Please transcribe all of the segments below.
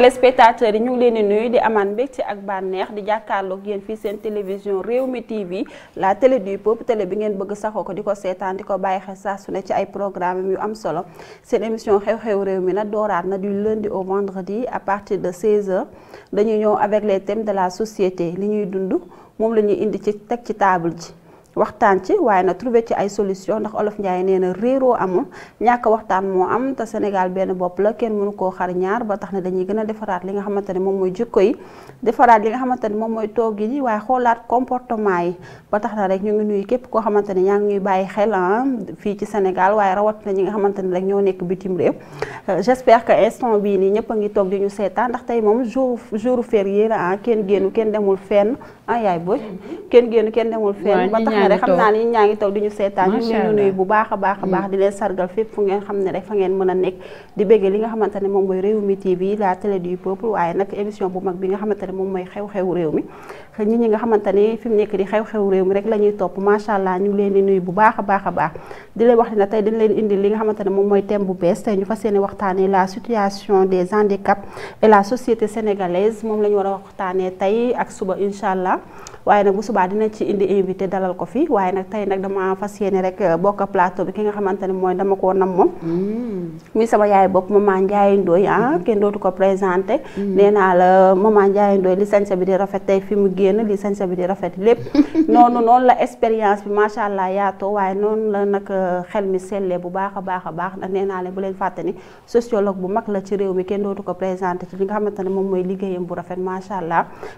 téléspectateurs yi ñu ngi leen di nuyu di amaan mbégte ak bànneex di jàkkaarloog yéen fii seen télévision réew mi TV la télé du poop télé bi ngeen bëgg saxoo ko di ko seetaan di ko bàyyi xel saa ne ci ay programme yu am solo seen émission xew-xew réew mi nag dooraat na du lundi au vendredi à partir de 16h dañuy ñëw avec les thèmes de la société li ñuy dund moom la ñuy indi ci teg ci table ji waxtaan ci waaye na trouvé ci ay solution ndax olof Ndiaye nee na réeroo amul ñàkk waxtaan moo am te Sénégal benn bopp la kenn mënu koo xar ñaar ba tax ne dañuy gën a defaraat li nga xamante ne moom mooy jikko defaraat li nga xamante ne moom mooy toog yi waaye xoolaat comportement yi ba tax na rek ñu ngi nuyu képp koo xamante ne ñaa ngi ñuy bàyyi xel ah, fii ci Sénégal waaye rawatina ñi nga xamante ne rek ñoo nekk bitim réew euh, j'espère que instant bii nii ñëpp a ngi toog di ñu seetaan ndax tey moom jour jour férié la ah, kenn génnu kenn demul fenn ah yaay kenn génnu kenn demul fenn rek xam naa ni ñaa ngi toog di ñu seetaan ñu ngi leen nuyu bu baax a baax a baax di leen sargal fépp fu ngeen xam ne rek fa ngeen mën a nekk di béggee li nga xamante ne moom mooy réew mi TV la télé du peuple waaye nag bi nga xamante ne moom mooy xew-xew réew mi ñi ñi nga xamante ne fi mu nekk di xew-xew réew mi rek la ñuy topp macha allah ñu ngi leen di nuyu bu baax a baax a baax di leen wax ne tey dañ leen indi li nga xamante ne moom mooy thème bu bees tey ñu fas yéene waxtaanee la situation des handicaps et la société sénégalaise moom la ñu war a waxtaanee tey ak suba incha allah waaye nag bu subaa dina ci indi invité dalal ko fi waaye nag nag dama fas yéene rek euh, bokk plateau bi ki nga xamante ne mooy dama koo nam moom muy sama yaay bopp maman Ndiaye ah mm-hmm. kenn dootu ko présenté mm-hmm. nee naa la maman Ndiaye Ndoye li sañsa bi di rafet fi mu génn li sañsa bi di rafet lépp noonu noonu la expérience bi macha allah yaatoo waaye noonu la nag euh, xel mi sellee bu baax a baax a baax ndax nee naa leen bu leen fàtte ni sociologue bu mag la ci réew mi kenn dootu ko présenté ci li nga xamante ne moom mooy liggéeyam bu rafet macha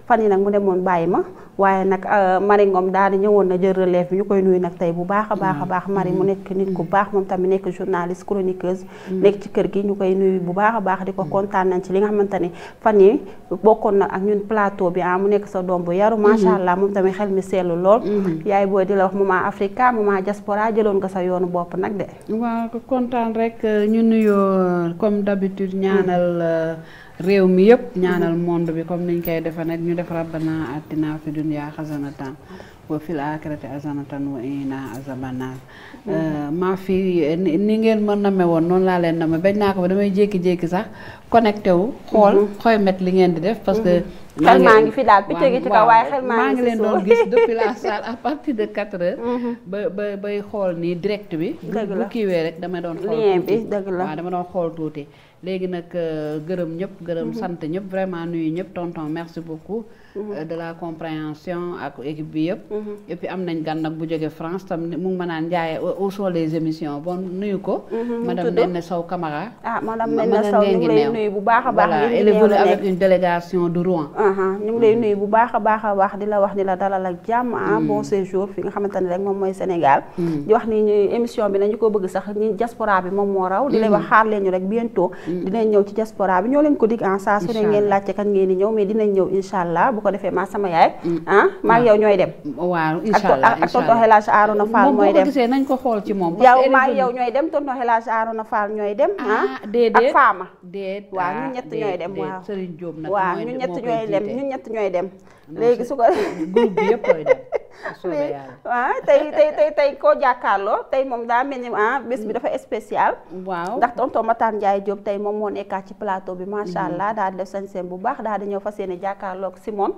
fan yi nag mu demoon bàyyi ma waaye waaye nag euh, Marie Ngom daal ñëwoon na jël relève bi ñu koy nuyu nag tey bu baax a baax a mm. baax Marie mm. mu nekk nit ku mm. baax moom tamit nekk journaliste chroniqueuse nekk ci kër gi ñu koy nuyu bu baax a baax di ko kontaan nañ ci li nga xamante fan yi bokkoon na ak ñun plateau bi ah mu nekk sa doom bu yaru macha mm-hmm. allah moom tamit xel mi seetlu lool mm-hmm. yaay booy di la wax moment Africa moment diaspora jëloon nga sa yoonu bopp nag de waaw kontaan rek euh, ñu nuyoo euh, comme d'habitude ñaanal réew mi yëpp mhm. ñaanal monde bi comme niñ koy defe nag ñu def rabbana atina fi dunya xasanatan وفي الآخرة حسنة وقنا عذاب النار maa fi ni ngeen mën ma name woon noonu laa leen name bañ naa ko ba damay jékki-jékki sax connecté wu mhm. xool xooy met li ngeen di def parce que mhm. xel maa ngi fi daal picc gi ci kaw leen doon gis depuis la salle de quatre heures mhm. ba ba bay xool nii direct bi bu kiiwee rek damay doon xool bi dëgg la dama doon xool tuuti léegi nag euh, gërëm ñëpp gërëm sant ñëpp vraiment nuyu ñëpp tonton merci beaucoup Mhm. Euh, de la compréhension ak équipe bi yëpp. Mhm. am nañ gan nag bu jógee France tam mu ma naan Ndiaye au soo les émissions bon nuyu ko. Mhm, madame Ndéné Sow Camara. ah madame Ndéné nuyu bu baax a baax. voilà elle est venue avec une délégation de Rouen. ñu ngi lay nuyu bu baax a baax a baax di la wax ni la dalal ak jàmm ah, bon séjour fi nga xamante ne rek moom mooy Sénégal. wax ni ñu émission bi nañu ko bëgg sax ñi diaspora bi moom moo raw. di xaar leen ñu rek bientôt. ñëw ci diaspora bi ñoo leen ko dig en ah, saa su ne ngeen laajte kan ngeen ñëw mais dinañ ñëw incha bu ko defee maa sama yaay mm. ah maa yow ñooy dem waaw incha allah ak tonton El Hadj Arouna Fall mooy dem gisee nañ ko xool ci moom yow maa yow ñooy dem tonton El Hadj Arouna Fall ñooy dem ah, ah. déedéet ak Fama déet waaw ah, ñett ñooy dem waaw Serigne Diop nag waaw ñett ñooy dem ñun ñett ñooy dem léegi su ko groupe bi yëpp koy dem ah tey tey tey tey koo jàkkaarloo tey moom daa mel ni ah bés bi dafa spécial. waaw ndax tonton Matar Ndiaye Diop tey moom moo nekkaat ci plateau bi macha allah daal di def sañ bu baax daal di ñëw fas yéene jàkkaarloog Simon.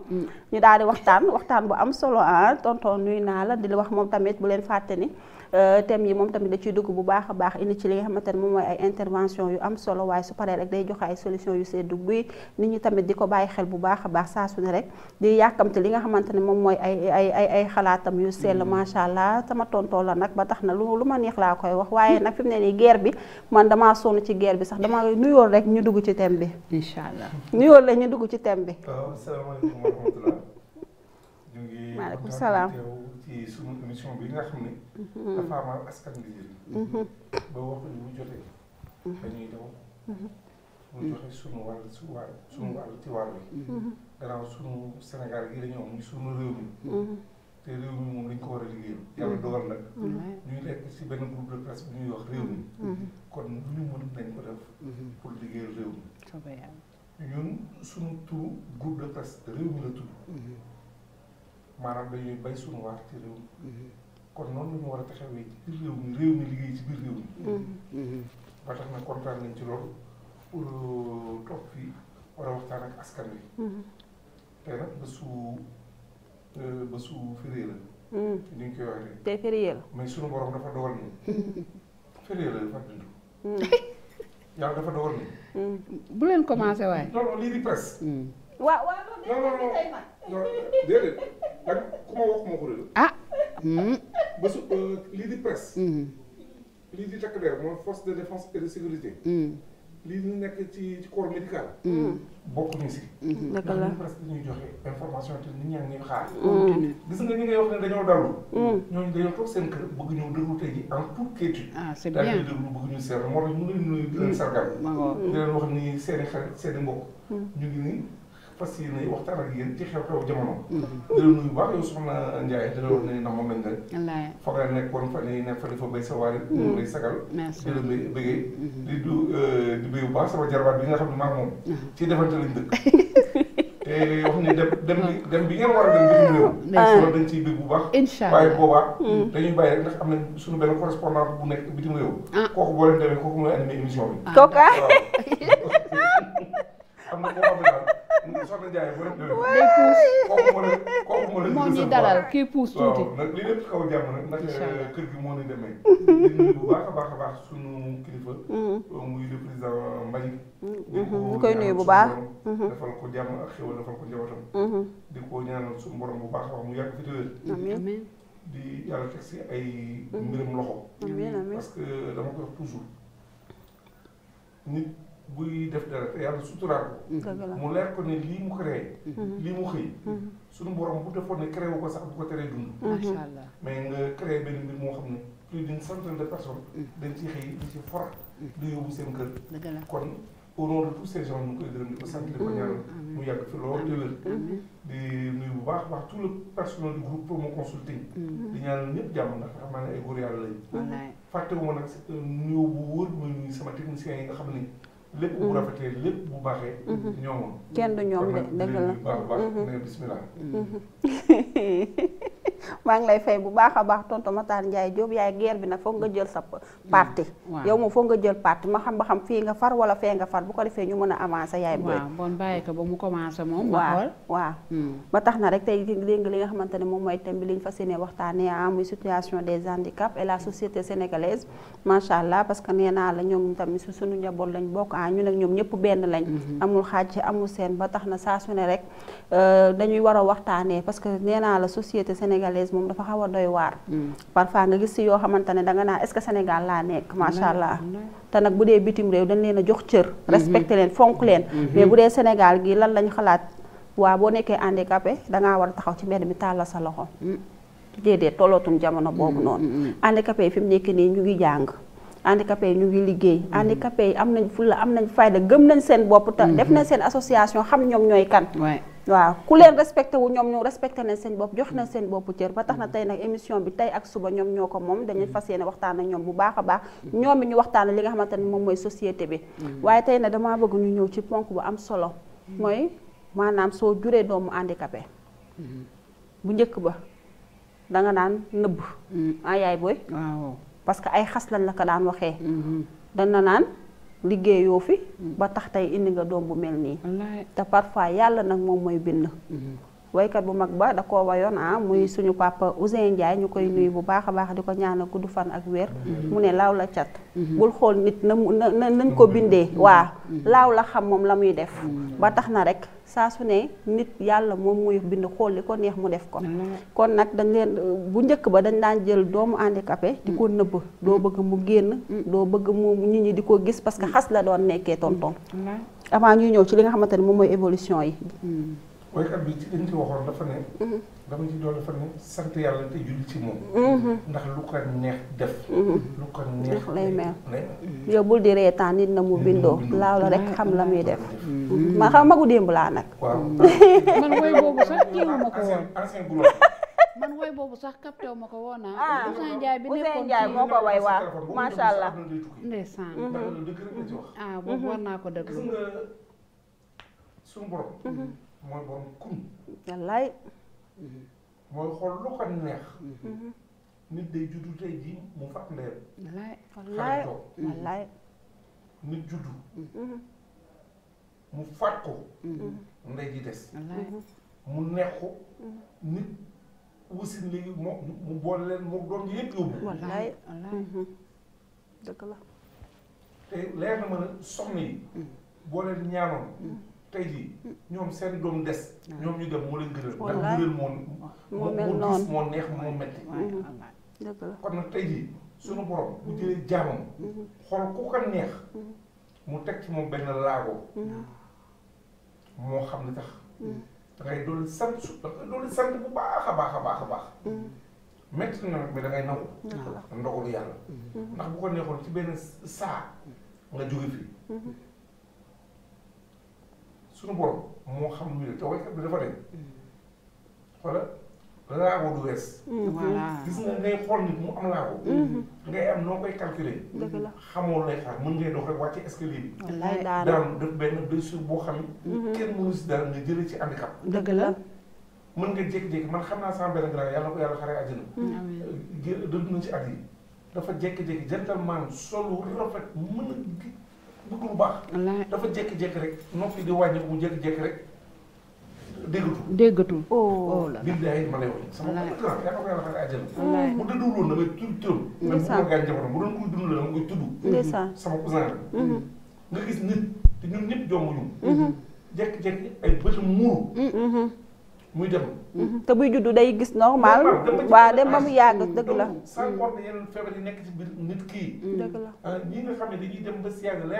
ñu daal di waxtaan waxtaan bu am solo ah tonton nuyu naa la di la wax moom tamit bu leen fàtte ni. Euh, thèmes yi moom tamit da ciy dugg bu baax a baax indi ci li nga xamante ne moom mooy ay intervention yu am solo waaye su paree rek day joxe ay solution yu seddu guy nit ñi tamit di ko bàyyi xel bu baax a baax saa su rek di yàkkamte li nga xamante ne moom mooy ay ay ay xalaatam yu sell mm. macha allah sama tontoo la nag ba tax na lu lu ma neex laa koy wax waaye nag fi mu ne nii guerre bi man damaa sonn ci guerre bi sax dama nuyool rek ñu dugg ci thème bi incha allah nuyool rek ñu dugg ci thème bi waaw salaamaaleykum ci sunu émission bi nga xam ne. Mm-hmm. dafa amal askan bi mm-hmm. ba waxuñu bu jotee. Mm-hmm. dañuy daw. mu joxe sunu wàll su wàll sunu wàll ci wàll bi. gannaaw sunu Sénégal gi dañoo am sunu réew mi. te réew mi moom lañ ko war a liggéeyal yàlla dogal nag ñuy nekk si benn groupe de presse bu ñuy wax réew mi kon lu ñu mën nañ ko def pour liggéeyal réew mi ñun suñu tur groupe de presse réew mi la tudd maanaam dañuy bay suñu waar ci réew mhm. kon noonu la ñu war a taxawee ci biir réew mi réew mi liggéey ci biir réew mi mhm. Mhm. ba tax na kontaan nañ ci loolu euh, toog fii war a waxtaan ak askan wi tey nag ba su euh, ba su férié la ni ñu koy waxee tey mais suñu borom dafa dogal ni férié la dafa dund yàlla dafa dogal ni bu leen commencé waaye non non lii di presse waaw ak ku ma wax moo ko réer. ah. ba hmm. su euh, lii di presse. Hmm. lii di takk der mooy force de défense et de sécurité. Hmm. lii di nekk ci ci corps médical. bokkuñu si. dëgg la ndax presse dañuy joxe information te nit ñaa ngi ñuy gis nga ñu ngay wax ne dañoo dalu. ñooñu dañoo toog seen kër bëgg ñëw déglu tey jii en toute quiétude. ah c'est bien daal di ñu seetlu moo tax ñu ngi leen di nuyu di leen sargal. di leen wax ni seen i xarit seen i mbokk. ñu ngi nii. fas yéene waxtaan ak yéen ci xew-xew jamono. di la nuyu baax yow soxna Ndiaye di la wax ne na ma mel nga. wallaay foog la ne ne fa xam ne maa moom. ci defante lañ dëkk. dem bi ngeen dañ ciy bëgg bu baax. incha allah waaye boobaa. dañuy bàyyi rek nañ suñu benn correspondant bu nekk bitim réew. kooku boo leen demee kooku mooy animé émission bi. kooku ah. xam nga koo xam a kooku mën a. moo ñu dalal kii puus tuuti. li lépp kaw jàmm nag. nag euh, kër gi moo ñu demee. di nuyu a a mm-hmm. euh, mm-hmm. mm-hmm. koy nuyu bu baax. defal ko jàmm ak xéwal defal ko njabootam. di ko ñaanal suñu bu baax a baax mu yàgg fi di yàlla teg si ay mbiram loxo. amiin dama koy wax nit. buy def dara te yàlla suturaal mu leer ko ne lii mu créé mhm. lii mu xëy mhm. suñu borom bu defoon ne créé wu ko sax bu ko teree dund mhm. macha nga créé benn mbir moo xam ne plus d'une centaine de personnes ci xëy di ci for di yóbbu seen ko sant di ko ñaanal mu yàgg fi lool te nuyu bu baax baax tout le personnel du groupe promo consulting di ñaanal ñëpp jàmm ndax a naa ne ay góor yàlla lañu fàttewuma nag nuyu bu wóor mooy nuyu sama techniciens yi nga xam ne lépp bu rafetee lépp bu baaxee. Mhm. ñoomoon kenn du ñoom de dëgg la kon nag mhm. bisimilah. Mhm. maa ngi lay fay bu baax a baax tonton Matar Ndiaye yaay guerre bi nag foog nga jël sa mm. parti yow moom foog nga jël parti ma xam ba xam fii nga far wala fee nga far bu ko defee ñu mën a avancer yaay boy bon bàyyi ko mm. tax na rek tey dégg li nga xamante ne moom mooy thème bi li ñu fas yéene waxtaanee ah muy situation des handicaps et la société sénégalaise macha allah parce que nee naa la ñoom tamit su suñu njaboot lañ bokk ah ñun ñëpp benn lañ mm-hmm. amul xaaj amul seen ba tax na saa su ne rek euh, dañuy war a waxtaanee parce que nee naa la société sénégalaise sénégalaise moom dafa xaw a doy waar. Mm. parfois nga gis si yoo xamante ne danga naa est-ce que Sénégal laa nekk mm-hmm. macha allah. Mm-hmm. te nag bu dee bitim réew dañ leen a jox cër. Mm-hmm. respecté leen fonk leen. mais bu dee Sénégal gi lan lañ xalaat waa boo nekkee handicapé dangaa war a taxaw ci mbedd mi tàllal sa loxo. Mm. déedéet tollootum jamono boobu noonu. handicapé yi fi mu nekk nii ñu ngi jàng. handicapé yi ñu ngi liggéey. handicapé yi am nañ fulla am nañ fayda gëm nañ seen bopp. tam def na seen association xam ñoom ñooy kan. waaw ku leen respecté wu ñoom ñu respecté nañ seen bopp jox nañ seen bopp cër ba tax na tey nag émission bi tey ak suba ñoom ñoo ko moom dañuy fas yéene waxtaan ak ñoom bu baax a baax ñoom bi ñu waxtaan li nga xamante ne moom mooy société bi mm. waaye tey nag damaa bëgg ñu ñëw ci ponk bu am solo mm. mooy maanaam soo juree doomu handicapé mm-hmm. bu njëkk ba danga naan nëbb mm. ah yaay booy parce que ay xas lañ la ko daan waxee mm-hmm. dana naan liggéeyoo fi mm. ba tax tey indi nga doom bu mel nii te parfois yàlla nag moom mooy bind mm-hmm. woykat bu mag ba da koo wayoon ah muy suñu papa Ousseyn Ndiaye ñu koy nuyu bu baax a baax di ko ñaanal gudd fan ak wér mu ne laaw la cat mhm. bul xool nit na na nañ ko bindee mhm. waa mhm. laaw la xam moom la muy def ba tax na rek saa su ne nit yàlla moom muy bind xool li ko neex mu def ko kon nag dañ leen bu njëkk ba dañ daan jël doomu handicapé di ko nëbb doo bëgg mu génn doo bëgg mu nit ñi di ko gis parce que xas la doon nekkee tonton avant ñuy ñëw ci li nga xamante ne moom mooy évolution yi woykat bi ci gën ci waxoon dafa ne. Mhm. sant yàlla te julli ci moom. Mhm. ndax lu ko neex def. Mhm. lu lay mel. yow di reetaan nit na mu bindoo laaw la rek xam la muy def. ma xam magu démb laa nag. waaw man woy boobu sax jiwu ma ko woon. man woy boobu sax capté wu ma ko woon ah. Ousseyn Ndiaye bi nekkoon Ndiaye moo ko woy waa macha allah. ndeysaan. ah boobu war naa ko déglu. suñu borom. mooy borom kun. wallaay. mooy xool lu ko neex. Mhm. nit day juddu tey jii mu fat ndeyam. wallaay wallaay wallaay. nit juddu. Mhm. mu fat mhm. ndey ji des. mu neex nit wusin léegi moo mu boole leen doom yëpp yóbbu. wallaay wallaay. dëgg la. te leer na ma ne soxna yi. ñaanoon. tey jii ñoom seen doom des. ñoom ñu dem moo leen gënal. ndax gënal moo moo mel moo gis moo neex moo metti. kon nag tey jii suñu mm-hmm. borom bu jëlee jaamam. Mm-hmm. xool ku ko neex. Mm-hmm. mu teg ci moom benn laago. moo xam ne tax. da ngay doon sant bu baax a baax a baax a baax. métti na nag mais da ngay nangu. ndogalu yàlla. ndax bu ko neexoon ci benn saa nga jóge fii. suñu borom moo xam lu ne te waykat bi dafa ne mm-hmm. xoola laago du wees mm-hmm. gis nga ngay xool nit mu am laago mm-hmm. ngay am noo koy calculer xamoo lay xaar mën ngay dox rek wàcce escalier bi daan def benn blessure boo xam ne kenn mënu si dara nga jëlee ci handicap dëgg la mën nga jékki-jékki man xam naa saa benn grand yàlla ko yàlla xaree àjjana dëdd na ci at yi dafa jékki-jékki gentleman solu rafet mën a bëgg lu baax. dafa jékki-jékki rek noppi di wàññi bu jékki-jékki rek déggatul. déggatul oh la. biir day ma lay wax sama grand yaa ko yàlla xale mm-hmm. nga gis nit te ñun ñëpp jomb ñu. Mm-hmm. jékki-jékki ay bëtam muuru. Mm-hmm. muy dem. Mhm. te buy juddu day gis normal. waa dem ba mu yàgg dëgg la. sans compter yeneen feebar yi nekk ci biir nit kii. Mhm. dëgg la euh, ñi nga xam ne dañuy dem ba si yàgg mhm.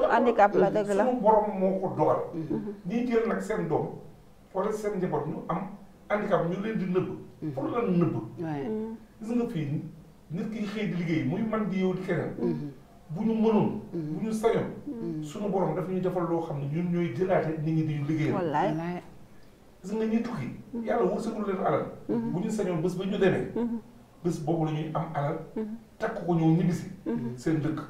la. handicap la dëgg la suñu borom moo ko dogal. ñiy jël nag seen seen njaboot ñu am handicap ñu leen di nëbb. pour lan nëbb. nga fii nit ki xëy di liggéey muy man di yow keneen. bu ñu mënul. Mm-hmm. bu ñu sañoon. Mm-hmm. suñu borom daf ñu defal loo xam ne ñun ñooy jëlaate nit ñi di liggéeyal. wallaay gis nga ñuy tukki. Mm-hmm. yàlla wërsëgul leen alal. bu ñu sañoon bés ba ñu demee. bés boobu la ñu am alal. takk ko ñëw ñibbisi. seen dëkk.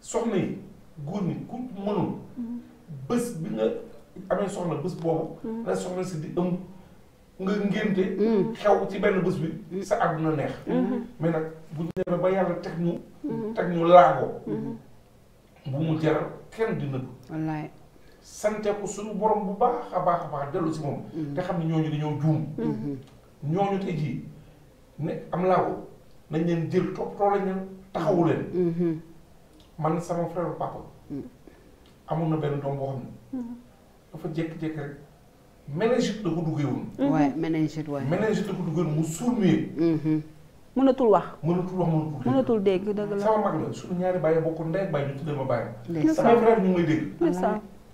soxna yi góor ñi ku mënul. bés bi nga amee soxna bés boobu. la soxna si di ëmb. nga ngénte mm. xew ci benn bés bi mm. sa àdduna neex mm-hmm. mais nag bu ñu demee ba yàlla teg ñu mm-hmm. teg ñu laagoo mm-hmm. bu mu jaral kenn di nëbb wallaay sante ko suñu borom bu baax a baax a baax dellu si moom te xam ne ñooñu dañoo juum ñooñu tey jii ne am laa ko nañ leen jël toppatoo lañ leen taxawu leen man sama frère papa mm. amoon na benn doom boo xam ne dafa jékki-jékki rek méningite la ko duggee woon. waaye mhm. méningite waaye. méningite la ko duggee woon mu suul mhm. mënatul wax. mënatul wax mënatul dégg. mënatul dégg dëgg la sama mag la suñu ñaari bàyyi bokkul ndey ak bàyyi ñu tuddee ma bàyyi. ndeysaan samay frère ñu may dégg.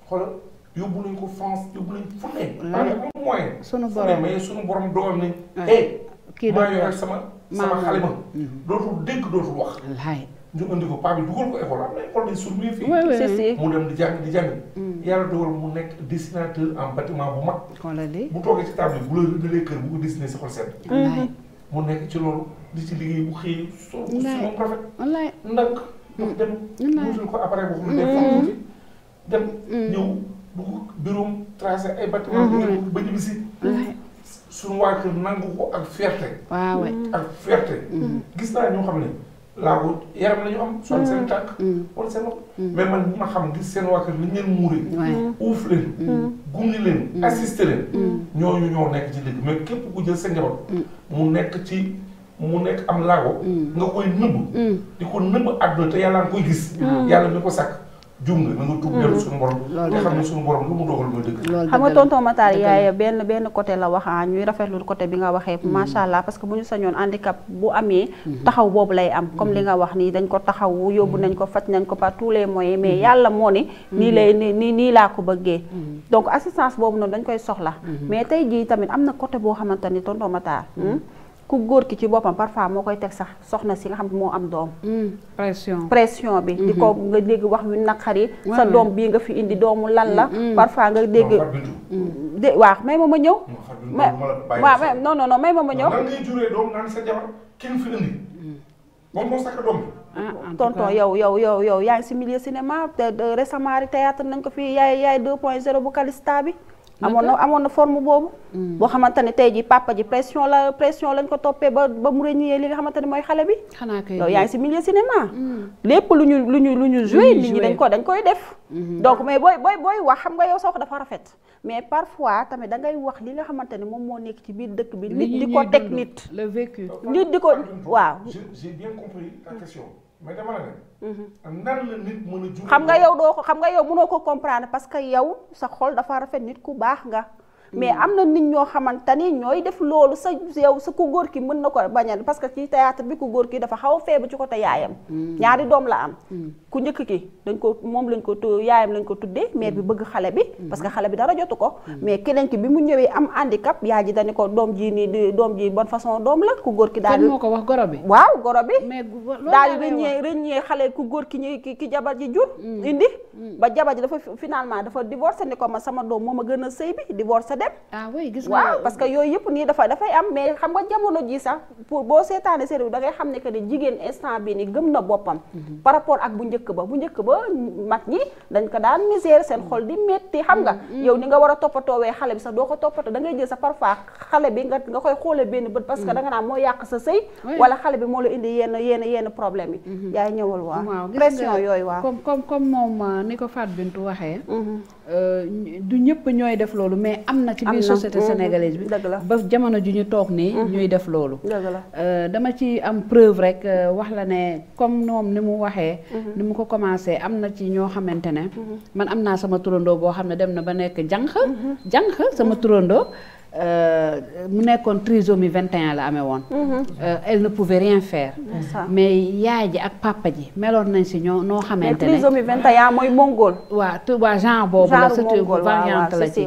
ko France yóbbu nañ fu ne. laaj am moyen. sunu borom mais sunu borom doom ne. Eh, sama sama xalima. Mhm. dootul dégg dootul wax. ñu indi ko paa bi dugal ko école am na école day surveillé fii. mu dem di jàng di jàng. Mm. yàlla dogal mu nekk dessinateur en bâtiment bu mag. xoolali bu toogee ci table bu la rëddalee kër bu ko dessiné si xol sedd. Mm-hmm. mu nekk ci loolu di ci liggéey bu xëy. soo su moom rafet. wallaay ndànk. ndax dem. wutul ko appareil boo xam ne day mm-hmm. fokk tuuti. dem mm. ñëw dugg bureau tracé ay bâtiment. bu mm-hmm. ba ñibbi si. suñu waa kër nangu ko ak fierté. waaw ak fierté. gis naa ñoo xam ne. laabu yaram la ñu am. sol seen mm. tànk. wala mm. seen loxo. Mm. mais man ñi ma xam gis seen waa kër li ngeen muuree. uuf leen. gunge leen. assisté leen. ñooñu ñoo nekk ci dëgg mais képp ku jël sa njaboot. mu nekk ci mu nekk am laago. nga koy nëbb. di ko nëbb àdduna te yàlla nga koy gis. yàlla mi ko sàkk. jum nga na nga tuub mm. dellu benn benn côté la waxaa ah, ñuy rafetlu côté bi nga waxee mm. macha allah parce que bu ñu sañoon handicap bu amee mm-hmm. taxaw boobu lay am comme li mm-hmm. nga wax nii dañ ko taxaw yóbbu mm-hmm. nañ ko faj nañ ko par tous les moyens mais yàlla moo ne nii lay nii nii laa ko bëggee donc assistance boobu noonu dañ koy soxla mais tey jii tamit am na côté boo xamante ni tonton Matar hmm, ku góor ki ci boppam parfois moo koy teg sax soxna si nga xam moo am doom. Hmm, pression pression bi. di ko hmm. nga dégg wax yu naqari. sa doom bii nga fi indi doomu lan la. Hmm, parfois nga dégg. de waaw may ma ma ñëw. ma waaw non ma ma ñëw. nan ngay juree doom naan ah, yow yow yow yow yaa ngi si milieu cinéma te récemment théâtre nañ ko fi yaay yaay 2.0 bu Calista bi. amoon na amoon na forme boobu. Hmm. boo xamante ne tey jii papa ji pression la pression lañ ko toppee ba ba mu rëññee li nga xamante ne mooy xale bi. xanaa kay loolu yaa ngi si milieu cinéma. Hmm. lépp lu ñu lu ñu lu ñu joué nit ñi dañ ko dañ koy def. Hmm. donc mais booy booy booy wax xam nga yow sa wax dafa rafet. mais parfois tamit da ngay wax li nga xamante ne moom moo nekk ci biir dëkk bi. nit di ko teg nit. le vécu nit di ko waaw. j'ai nan la a jur xam nga yow doo ko xam nga yow mënoo ko comprendre parce que yow sa xol dafa rafet nit ku baax nga mais hmm. am na nit ñoo xamante ni ñooy def loolu sa yow sa ku góor ki mën na ko bañ parce que ci théâtre bi ku góor ki dafa xaw a feebu ci côté yaayam hmm. ñaari doom la am hmm. ku njëkk ki dañ ko moom lañ ko tu yaayam lañ ko tuddee mère bi bëgg xale bi parce que xale bi dara jotu ko mais keneen bi mu ñëwee am handicap yaay ji dañu ko doom ji nii doom ji bonne façon doom la ku góor ki daal moo ko wax goro bi waaw goro bi daal rëññee rëññee xale ku góor ki ñu ki jabar ji jur indi ba jabar ji dafa finalement dafa divorcé ni ko ma sama doom moom a gën a sëy bi divorcé dem. ah oui gis waaw parce que yooyu yëpp nii dafa dafay am mais xam nga jamono ji sax pour boo seetaane série bi da ngay xam ne que ni jigéen instant bi ni gëm na boppam. Mhm. par rapport ak bu njëkk ba bu njëkk ba mag ñi dañ ko daan misère seen xol di métti xam nga. Mhm. yow ni nga war a toppatoo wee xale bi sax doo ko toppatoo da ngay jël sa parfois xale bi nga nga koy xoolee benn bët. parce que mhm. da naan moo yàq sa sëy. wala xale bi moo la indi yenn yenn yenn problème yi. yaay ñëwal waaw pression yooyu waaw. comme comme comme moom euh, ni ko Fatou Bintou waxee. Euh, du ñëpp ñooy def loolu mais am na ci biir société mhm. sénégalaise bi ba jamono ju ñu toog nii mhm. ñuy def loolu euh, dama ci am preuve rek euh, wax la ne comme moom ni mu waxee mhm. ni mu ko commencé am na ci ñoo xamante ne man am naa sama turandoo boo xam ne dem na ba nekk jànq jànq sama turandoo Euh, mu nekkoon tris trisomie 21 la amee woon. Mhm. Euh, elle ne pouvait rien faire. mais yaay ji ak papa ji meloon nañ si ñoo noo xamante ne. mais trisomie 21 mooy mongol. waaw te waa genre boobu la. genre mongol waaw waaw surtout variante la ci.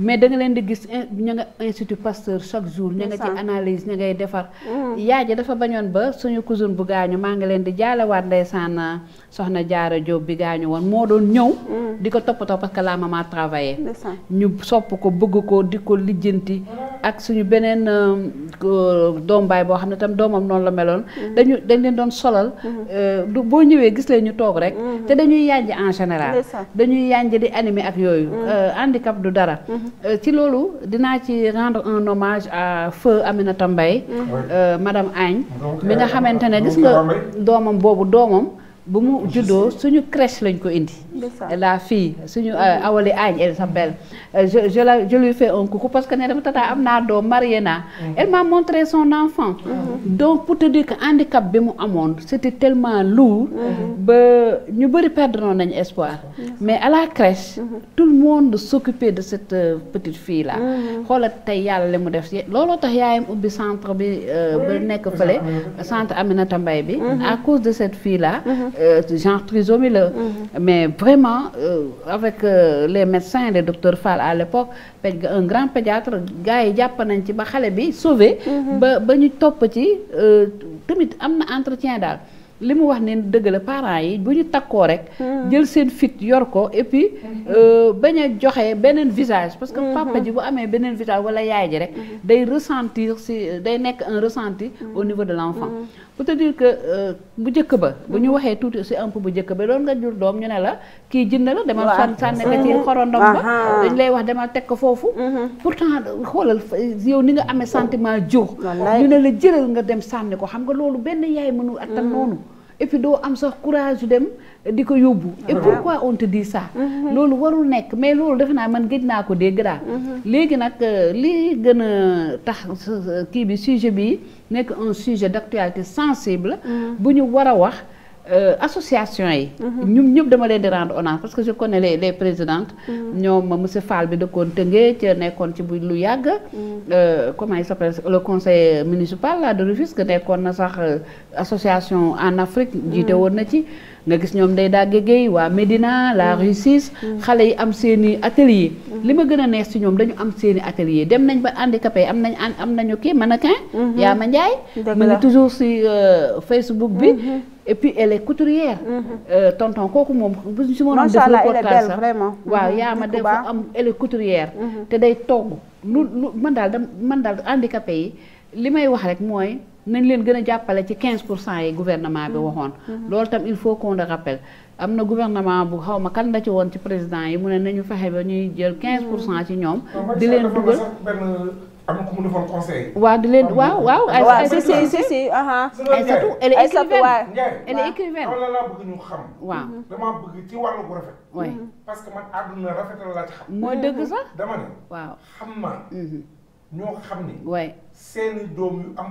mais da leen di gis ña nga institut Pasteur chaque jour ña nga ci analyse ña ngay defar mm. yaay ji dafa bañoon ba suñu cousin bu gaañu maa ngi leen di jaalewaat ndeysaan ah, soxna jaaro Jóob bi gaañu woon moo doon ñëw mm. di ko toppatoo parce que la maman travaillait ñu sopp ko bëgg ko di ko lijjanti ak suñu beneen euh, doom baay boo xam ne tam doomam noonu la meloon. Mm-hmm. dañu dañ leen doon solal. du mm-hmm. euh, boo ñëwee gis leen ñu toog rek. Mm-hmm. te dañuy yànj en général. dañuy yànj di animé ak yooyu. Euh, handicap du dara. ci loolu dinaa ci rendre un hommage à feu Aminata Mbaye. madame añ mi nga xamante ne gis nga doomam boobu doomam. bu mu juddoo suñu crèche lañ ko indi. la fille suñu euh, awali Agne elle s'appelle euh, je je la je lui fais un coucou parce que ne dama tata am naa doom marié naa. Mm. elle m'a montré son enfant. Mm-hmm. donc pour te dire que handicap bi mu amoon c'était tellement lourd. Mm-hmm. ba ñu bëri perdre nañ espoir. mais à la crèche. Mm-hmm. tout le monde s'occupait de cette euh, petite fille là. xoolal tey yàlla li mu def si looloo tax yaayam ubbi centre bi ba nekk fële. centre Aminata mbay bi. à cause de cette fille là. Euh, genre trisomie la. Mhm. mais vraiment euh, avec euh, les médecins les docteur Fall à l'époque un grand pédiatre gars yi jàpp nañ ci ba xale bi sauvé. Mhm. ba ba ñu topp ci tamit am na entretien daal. li mu wax neen dëgg la parents yi bu ñu takkoo rek. Hmm. jël seen fit yor ko et puis euh, bañ a joxe beneen visage. parce que hmm. papa ji bu amee beneen visage wala yaay ji rek. Hmm. day ressentir si day nekk un ressenti au niveau de l' enfant. pour te dire que euh, bu njëkk ba. bu ñu waxee tuuti si un peu bu njëkk ba doon nga jur doom ñu ne la kii jënd la. demal sàn sànni ko ci xorondom ba. dañ lay wax demal teg ko foofu. pourtant xoolal yow ni nga amee sentiment jur. ñu ne la jëral nga dem sànni ko xam nga loolu benn yaay mënul attan noonu. et puis doo am sax courage dem di ko yóbbu. et ah. pourquoi on te dit ça. Mhm. loolu warul nekk mais loolu defe naa man gëj naa ko dégg daal. Mhm. léegi nag euh, lii gën a tax kii bi sujet bi nekk un sujet d'actualité sensible. Mhm. bu ñu war a wax. Euh, association yi. Mhm. ñoom ñëpp dama leen di rendre honneur parce que je connais les les présidentes. Mhm. ñoom monsieur Fall bi dëkkoon Tëngéej ca nekkoon ci bu lu yàgg. Mhm. Euh, comment il s'appelle le conseil municipal là de Rufisque nekkoon na sax euh, association en Afrique. jiite woon na ci nga gis ñoom day daggee géey waa Médina la rue xale yi am seen i atelier. li ma gën a neex ci ñoom dañu am seeni i atelier dem nañ ba handicapé am nañ am nañu kii mannequin. yaa ma Njaay. mu ngi toujours si Facebook bi. et puis elle est couturière. Mhm. Euh, tonton kooku moom. macha allah elle est belle vraiment waaw mhm. yaa ma def am elle est couturière. Mhm. te day togg lu lu man daal da man daal handicapé yi li may wax rek mooy nañ leen gën a jàppale ci quinze pour cent yi gouvernement bi waxoon. loolu tam il faut qu'on le rappelle am na gouvernement bu xaw ma kan la ci woon ci président yi mu ne nañu fexe ba ñuy jël 15 pour cent ci ñoom. di leen dugal am na ku mu defoon conseil. waaw di leen waaw waaw. waaw si si si si. Aïssatou elle est écrivaine elle est écrivaine. wala laa bëgg ñu xam. waaw mhm. damaa bëgg ci wàllu bu mhm. parce que man àdduna rafetal laa mooy dëgg sax mhm. dama ne. waaw xam naa. ñoo xam ni. waaye seeni doom yu am.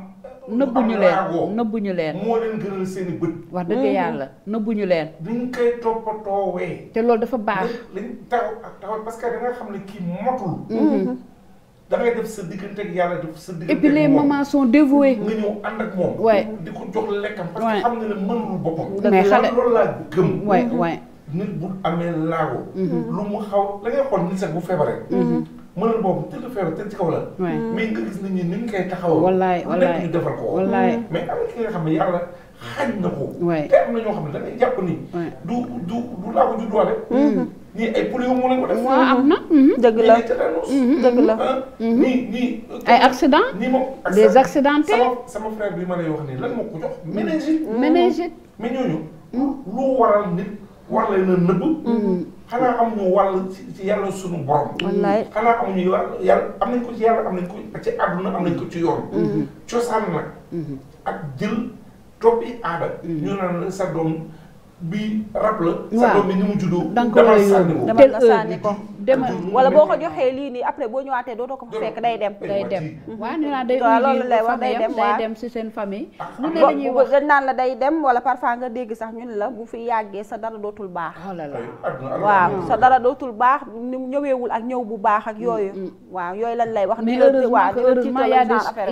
nëbbuñu leen nëbbuñu leen moo leen gënal seeni bët. wax dëgg yàlla nëbbu ñu leen. duñ koy toppatoowee. te loolu dafa baax. liñ taw ak taw parce que da xam ne kii motul. da ngay def sa diggante ak yàlla def sa diggante ak moom et puis les mamans sont dévouées. nga ñëw ànd ak moom. waay di ko jox lekkam. parce que xam nga ne mënul boppam. mais xale loolu laa gëm. waay waay. nit bu amee laago. Mm-hmm. lu mu xaw da ngay xool nit sax bu feebaree. Mm-hmm. mënul boobu tëdd feebar tëdd ci kaw la. mais nga gis nit ñi ni ñu koy taxawal. wallaay wallaay nekk ñu defal ko. wallaay mm-hmm. mais am na ki nga xam ne yàlla. xañ na ko. waay te am na ñoo xam ne da ngay jàpp ni. du du du laago ju doole. ñii ay pneu moo leen ko def. waaw am na. Mhm. dëgg la mhm, dëgg la. nii ah, mhm. nii. ay accident nii moom. des accidentés sama sama frère bi ma lay wax nii lan moo ko jox. méningite méningite. mais ñooñu. lu waral nit war leen a nëbb. xanaa amuñu wàll ci yàlla suñu borom. wallaay xanaa amuñu yàlla am nañ ko ci yàlla am nañ ko ci àdduna am nañ ko ci yoon. cosaan nag. ak jël toppi aada. ñu naan sa doom. bi rab la. sa doom bi ni mu da nga ko war a yóbbu ko demal wala boo ko joxee lii nii après boo ñëwaatee dootoo ko fa fekk day dem. day dem waaw nee naa lay wax day dem day dem si mhm. seen famille. Ah, ah. lu ne la ñuy wax la day dem wala parfois nga dégg sax ñu ne la bu fi yàggee sa dara dootul baax. Oh waaw mm. sa dara dootul baax ñëweewul ak ñëw bu baax ak mm, yooyu. Mm. waaw yooyu lañ lay wax. mais heureusement heureusement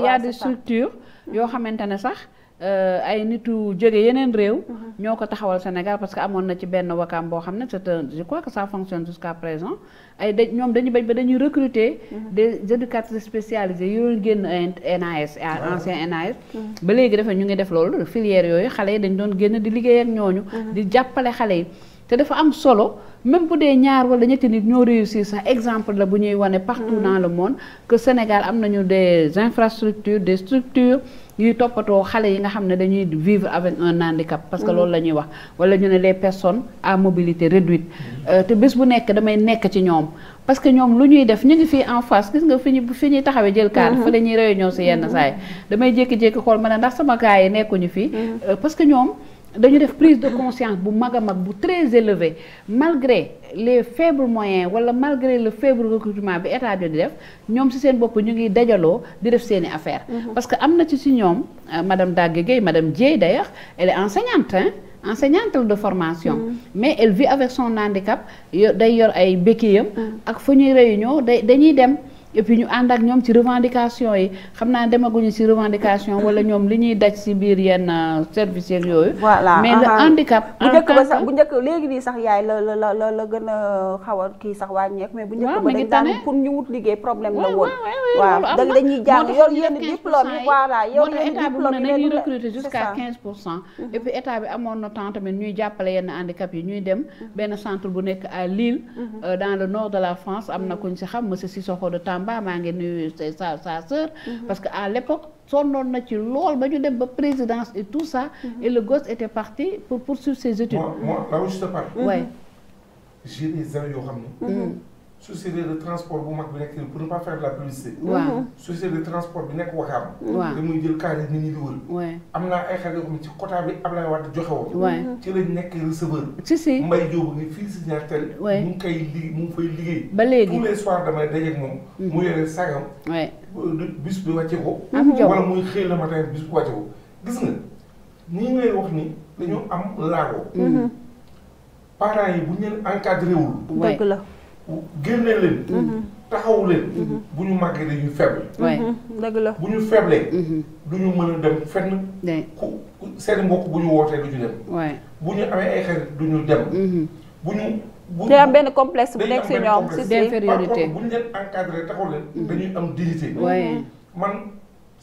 y a des structures yoo xamante ne sax Euh, ay nit nitu jóge yeneen réew. Uh-huh. ñoo ko taxawal Sénégal parce que amoon na ci benn wakaam boo xam ne c'est un je crois que ça fonctionne jusqu'à présent ay da ñoom dañu bañ ba dañuy recruter. Uh-huh. des éducateurs spécialisés yu doon génn NAS uh-huh. ancien NAS. ba léegi dafa ñu ngi def loolu filière yooyu xale yi dañ doon génn di liggéey ak ñooñu. di jàppale xale yi. te dafa am solo même bu dee ñaar wala ñetti nit ñoo réussir sax exemple la bu ñuy wane. partout naa la moon que Sénégal am nañu des infrastructures des structures. ñuy toppatoo xale yi nga xam ne dañuy vivre avec un handicap parce que mm-hmm. loolu la wax wala ñu ne les personnes à mobilité réduite mm-hmm. euh, te bés bu nekk damay nekk ci ñoom parce que ñoom lu ñuy def ñu ngi fii en face gis nga fi ñu fi ñuy taxawee jël kaar mm-hmm. fa la ñuy réunion si yenn saa yi damay jékki-jékki xool ma ne ndax sama gars yi nekkuñu fii euh, parce que ñoom dañu def prise de conscience bu mag a mag bu très élevée malgré les faibles moyens wala malgré le faible recrutement bi état bi di def ñoom ci seen bopp ñu ngi dajaloo di def seeni affaire mhm. parce que am na ci ci ñoom euh, madame Dagué Gueye madame Dieye d'ailleurs elle est enseignante hein enseignante de formation mhm. mais elle vit avec son handicap yo day yor ay béquillem mhm. ak fu ñuy réunion day dañuy dem et ñu ànd ak ñoom ci revendication yi xam naa demaguñu ci revendication wala ñoom li ñuy daj ci biir yenn euh, service yeeg yooyu. voilà mais le handicap. bu njëkk sax bu njëkk léegi nii sax yaay la la la la gën a xaw kii sax wàññeeku. mais bu njëkk ba dañ daan pour ñu wut liggéey problème la woon. waaw da dañuy jàng yor yenn diplôme yi voilà pour cent. Mhm. et puis na temps tamit ñuy jàppale yenn handicap yi ñuy dem mhm. benn centre bu nekk à Lille. Mhm. Euh, dans le nord de la France am na ku ñu ci xam monsieur Sissoko de Tam Bamba maa ngi nuyu sa sa sœur mm-hmm. parce que à l'époque sonnoon na ci lool ba ñu dem ba présidence et tout ça mm-hmm. et le gosse était parti pour poursuivre ses études moi moi société de transport bu mag bi nekk pour ne pas faire la publicité. waaw société de transport bi nekk Wakaam. waaw damuy jël kaar nit ñi di wër. am naa ay xale yoo xam ne ci quota bi Ablaye Wade joxe woon. ci lañ nekk receveur. si si Mbaye Diop ngi fii si ñaar tel. mu ngi koy liggéey mu ngi fay liggéey. ba léegi tous les soirs damay dajeeg moom. Mm-hmm. mu yore sagam. Euh, bis bi wàcce ko. am ah, jox wala muy xëy la matin bis bu wàcce ko. gis na nii ngay wax ni dañoo am laago. Mm-hmm. parents yi bu leen encadré wul. dëgg la. génne leen. Mhm. taxawu leen. Mhm. bu ñu màggee dañuy faible. Mhm. dëgg la bu ñu faiblee. du ñu mën a dem fenn. ku seen mbokk bu ñu wootee du ñu dem. bu ñu amee ay du ñu dem. bu ñu bu am benn complexe bu nekk si ñoom. si si infériorité bu ñu leen encadré taxawu leen. dañuy am dignité. man.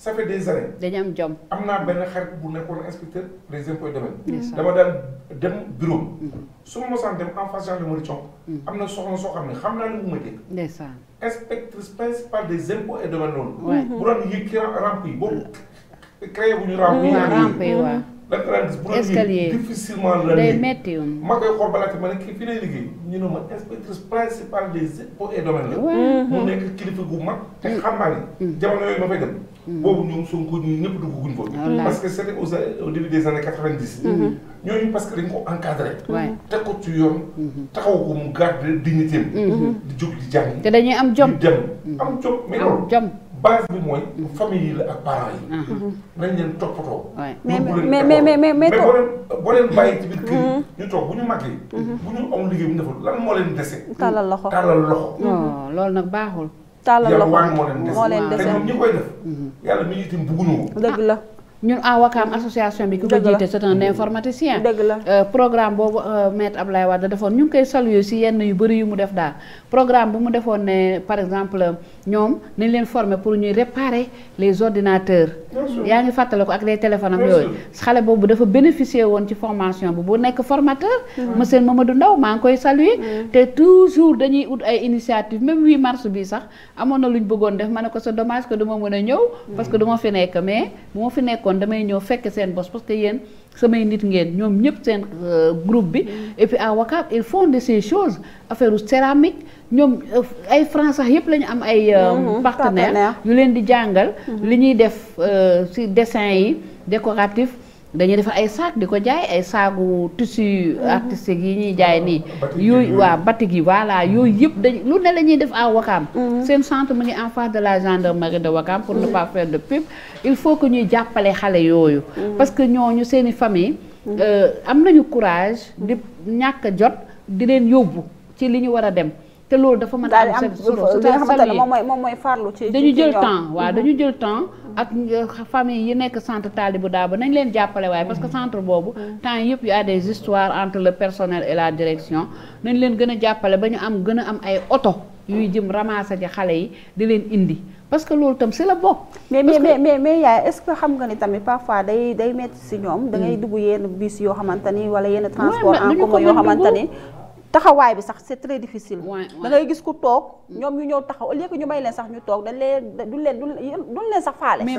ça fait des années. dañu am jom. am naa benn xarit bu nekkoon inspecteur des impôts et domaines. dama daan dem bureau am. Mm-hmm. su ma mosaan dem en face gendarmerie mm-hmm. am na soxna soo xam ne xam naa ne mu ma dégg. ndeysaan inspectrice principale des impôts et domaines loolu. bu doon yëg ramp yi boobu mm-hmm. créé bu ñu ramp yi. ramp yi waaw da nga daan gis difficilement la day metti woon ma koy xool balaa ma ne kii fii lay liggéey ñu ne ma inspectrice principale des impôts et domaines la. Mhm. mu nekk kilifa gu te mm. xam naa ne mm. jamono yooyu ma fay dem. Mm. boobu ñoom Sonko ñun ñëpp dugguñ ko. parce que c'était au début des années quatre vingt dix. Mm-hmm. ñooñu parce que dañ ko encadré. teg ko ci yoon. Mm-hmm. taxaw ko mu garder dignité mm-hmm. di jóg di jàng. te dañuy am jom di dem am jom base bi mooy famille yi la ak parents yi. nañ leen toppatoo. mais mais mais mais mais boo leen boo leen bàyyi ci biir kër yi. ñu toog bu ñu màggee. bu ñu amul liggéey bu ñu lan moo leen dese. tàllal loxo tàllal loxo. loolu nag baaxul. tàllal loxo yàlla waan moo leen dese. moo leen dese te ñi koy def. yàlla mi ngi itam bugguñu ko. dëgg la. ñun en Wakaam association bi. ku ko jiite c'est un informaticien. dëgg la euh, programme boobu euh, maître Ablaye Wade defoon ñu koy saluer si yenn yu bëri yu mu def daal programme bu mu defoon ne par exemple ñoom nañ leen former pour ñuy réparer les ordinateurs. yaa ngi fàttale ko ak les téléphones yooyu. xale boobu dafa bénéficier woon ci formation bi bu nekk formateur. monsieur Mamadou Ndaw maa ngi koy saluer. te toujours dañuy ut ay initiative même 8 mars bi sax amoon na lu ñu bëggoon def ma ne ko c'est dommage que duma mën a ñëw. parce que duma fi nekk mais bu fi nekkoon. kon damay ñëw fekk seen bos parce que yéen samay nit ngeen ñoom ñëpp seen euh, groupe bi et puis à Wakam ils font de ces choses affaire céramique ñoom euh, ay France sax yëpp la am ay euh, mhm, partenaires yu leen di jàngal mhm. li ñuy def ci dessin yi décoratif dañuy defa ay saak di ko jaay ay saagu tissu mhm. artistique yi ñuy jaay nii ah, yooyu waa batik yi voilà yooyu yëpp dañ lu ne la ñuy def à Wakam mhm. seen centre mu ngi en face de la gendarmerie de Wakam pour ne mhm. pas faire de pub il faut que ñuy jàppale xale yooyu parce que ñooñu seeni i famille euh, am nañu courage di ñàkk jot di leen yóbbu ci li ñu war a dem te loolu dafa mën a am li moom mooy moom mooy farlu ci dañu jël temps waaw mhm. dañu jël temps ak euh, famille yi nekk centre Talibou Dabo nañ leen jàppale waaye parce que mhm. centre boobu mhm. temps yëpp y a des entre le personnel et la direction nañ leen gën a jàppale ba ñu am gën a am ay oto yuy jëm ramasser ci xale yi di leen indi parce que loolu tam si la bokk. mais mais mais mais yaay est xam nga ni tamit parfois day day métti si ñoom. da ngay mm. dugg yenn bus yoo xamante ni wala yenn transport en commun yoo xamante taxawaay bi sax c'est très difficile da ngay gis ku toog ñoom ñu ñëw taxaw au lieu que ñu may leen sax ñu toog dañ leen duñ leen duñ leen sax faale mais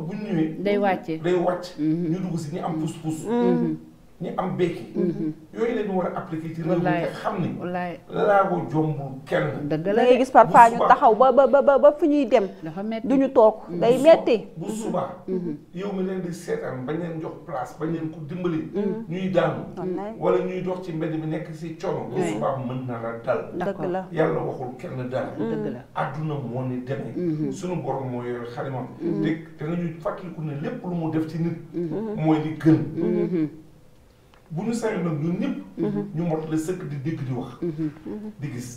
bu day wàcce day wàcc. Mm-hmm. ñu dugg ñu am béykat. Mm-hmm. yooyu la ñu war a appliquer ci réew mi te xam ni. wallaay laago jombul kenn. dëgg la ngay gis parfois taxaw ba ba ba ba fu ñuy dem. dafa metti du toog day metti. bu suba mm-hmm. yow mi leen di seetaan bañ leen jox place bañ leen ko dimbali. Mm-hmm. ñuy daanu. wala ñuy dox ci mbedd mi nekk si coono. bu subaa mën na la dal. dëgg la yàlla waxul kenn daal. dëgg la adduna moo ni demee. sunu borom moo yor xalimam. te te nañu fàttaliku ne lépp lu mu def ci nit. mooy li gën. bu ñu sañoon nag ñun ñëpp. Mhm. ñu mot la sëkk di dégg di wax. Mhm. Mhm. di gis.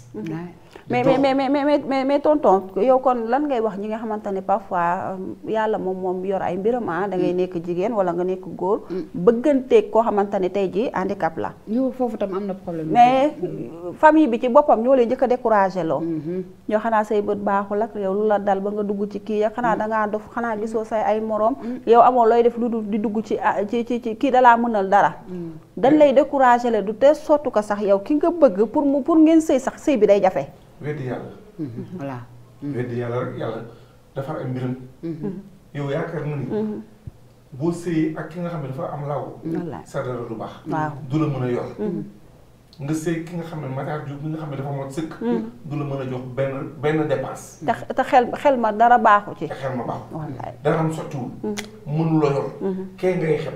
mais mais mais mais mais mais tonton yow kon lan ngay wax ñi nga xamante ne parfois euh, yàlla moom moom yor ay mbiram ah da ngay mm. nekk jigéen wala nga nekk góor. Mm. bëgganteeg koo xamante ne tey jii handicap la. yow foofu tam am na problème. mais euh, famille bi ci boppam ñoo leen njëkk a découragé loo. ñoo xanaa say bët baaxul ak yow lu la dal ba nga dugg ci kii ya xanaa mm. da ngaa dof xanaa gisoo say ay morom. yow amoo looy def lu dul di dugg ci ah, ci ci kii da laa mënal dara. dañ lay découragé le du te sottu ko sax yow ki nga bëgg pour mu pour ngeen sëy sax sëy bi day jafe. weddi yàlla. Mhm. Mhm. voilà. Mhm. yàlla rek yàlla dafa am mbiram. yow yaakaar na ni. boo sëyee ak ki nga xam ne dafa am law. sa dara du baax. waaw du la mën a yor. nga sëy ki nga xam ne mataar ju bi nga xam ne dafa mot sëkk. du la mën a jox benn benn dépense. te xel xel ma dara baaxu ci. te xel ma baaxu. dara am sottiwul. mënuloo yor. kee ngay xel.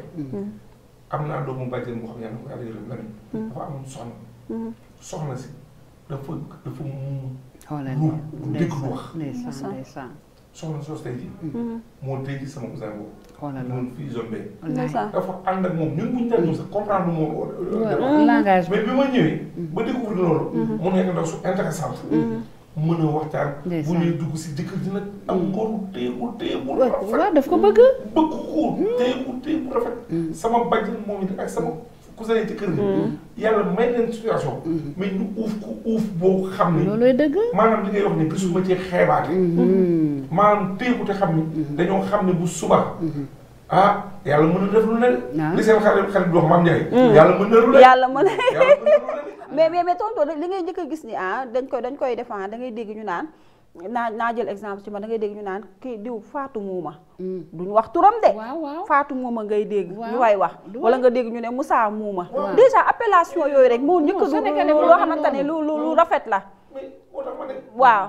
am naa doomu bàjjen boo xam ne yàlla na ko yàlla yërëm lan mm-hmm. dafa amoon soxna. Mm-hmm. soxna si dafa dafa mu. xoolal lu dëkk lu wax. ndeysaan ndeysaan. soxna soos tey jii. moo tey jii sama cousin boobu. Oh, mën a waxtaan. bu ñuy dugg si jëkkër ji nag am ngor mm. téye ko mm. mm. téye bu rafet. ko bëgg. bëgg ko téye ko téye bu rafet. sama bàjjen moom it ak sama cousin yi ci kër gi. yàlla may leen situation. mais ñu uuf ko uuf boo xam ne. loolooy dëgg. maanaam li ngay wax ne bés bu ma cee xeebaate. Mm-hmm. Mm-hmm. maanaam téye ko te xam ne. Mm-hmm. dañoo xam ne bu suba. ah yàlla mën na def lu ne. waaw ah. li seen xarit xarit bi wax maam Ndiaye. yàlla mais mais mais tonton li ngay njëkk gis ni ah dañ koy dañ koy defaan ah, dangay dégg ñu naan naa naa jël exemple ci ma da ngay dégg ñu naan kii diw faatu muuma mm. ñu wax turam de faatu muuma ngay dégg ñu way wax wala nga dégg ñu ne Moussa muuma déjà appellation yooyu rek moo njëkk a du loo xamante ne lu lu rafet la waaw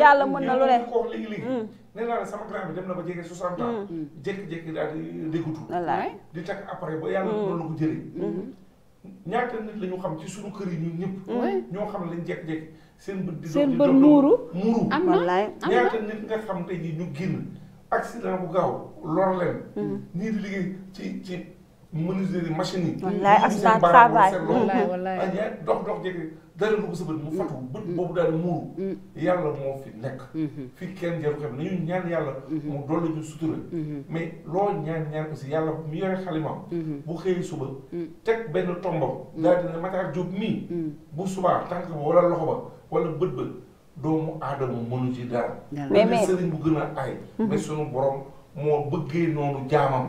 yàlla mën na lu ne nee naa la sama grand bi dem na ba jege 60 ans. Mm. Mm. jékki-jékki daal di déggutu. wallaay di takk appareil ba yàlla noonu la ko jëlee. Mm. Mm-hmm. ñaata nit la ñu xam ci suñu kër yi ñun ñoo xam ne lañ jékki-jékki seen bët di. seen bët muuru muuru. am na ñaata nit nga xam tey gin ñu génn accident bu gaaw lor leen. liggéey ci ci. menuiserie machine yi. wallaay accident travail wallaay wallaay yaa dox dox jege dara lu ko sa bët mu fatu mm. bët boobu daal di mm. yàlla moo fi nekk. Mm-hmm. fii kenn jarul xam nañu ñaan yàlla. Mm-hmm. mu dolli ñu sutura. Mm-hmm. mais loo ñaan ñaan aussi yàlla mu yore xalimaam. bu xëyee suba. Mm. teg benn tombo daal dina Matar Diop nii. bu subaa tànk ba wala loxo ba wala bët ba doomu aadama mënu ci dara. mais sëriñ bu gën a aay. mais sunu borom moo bëggee noonu jaamam.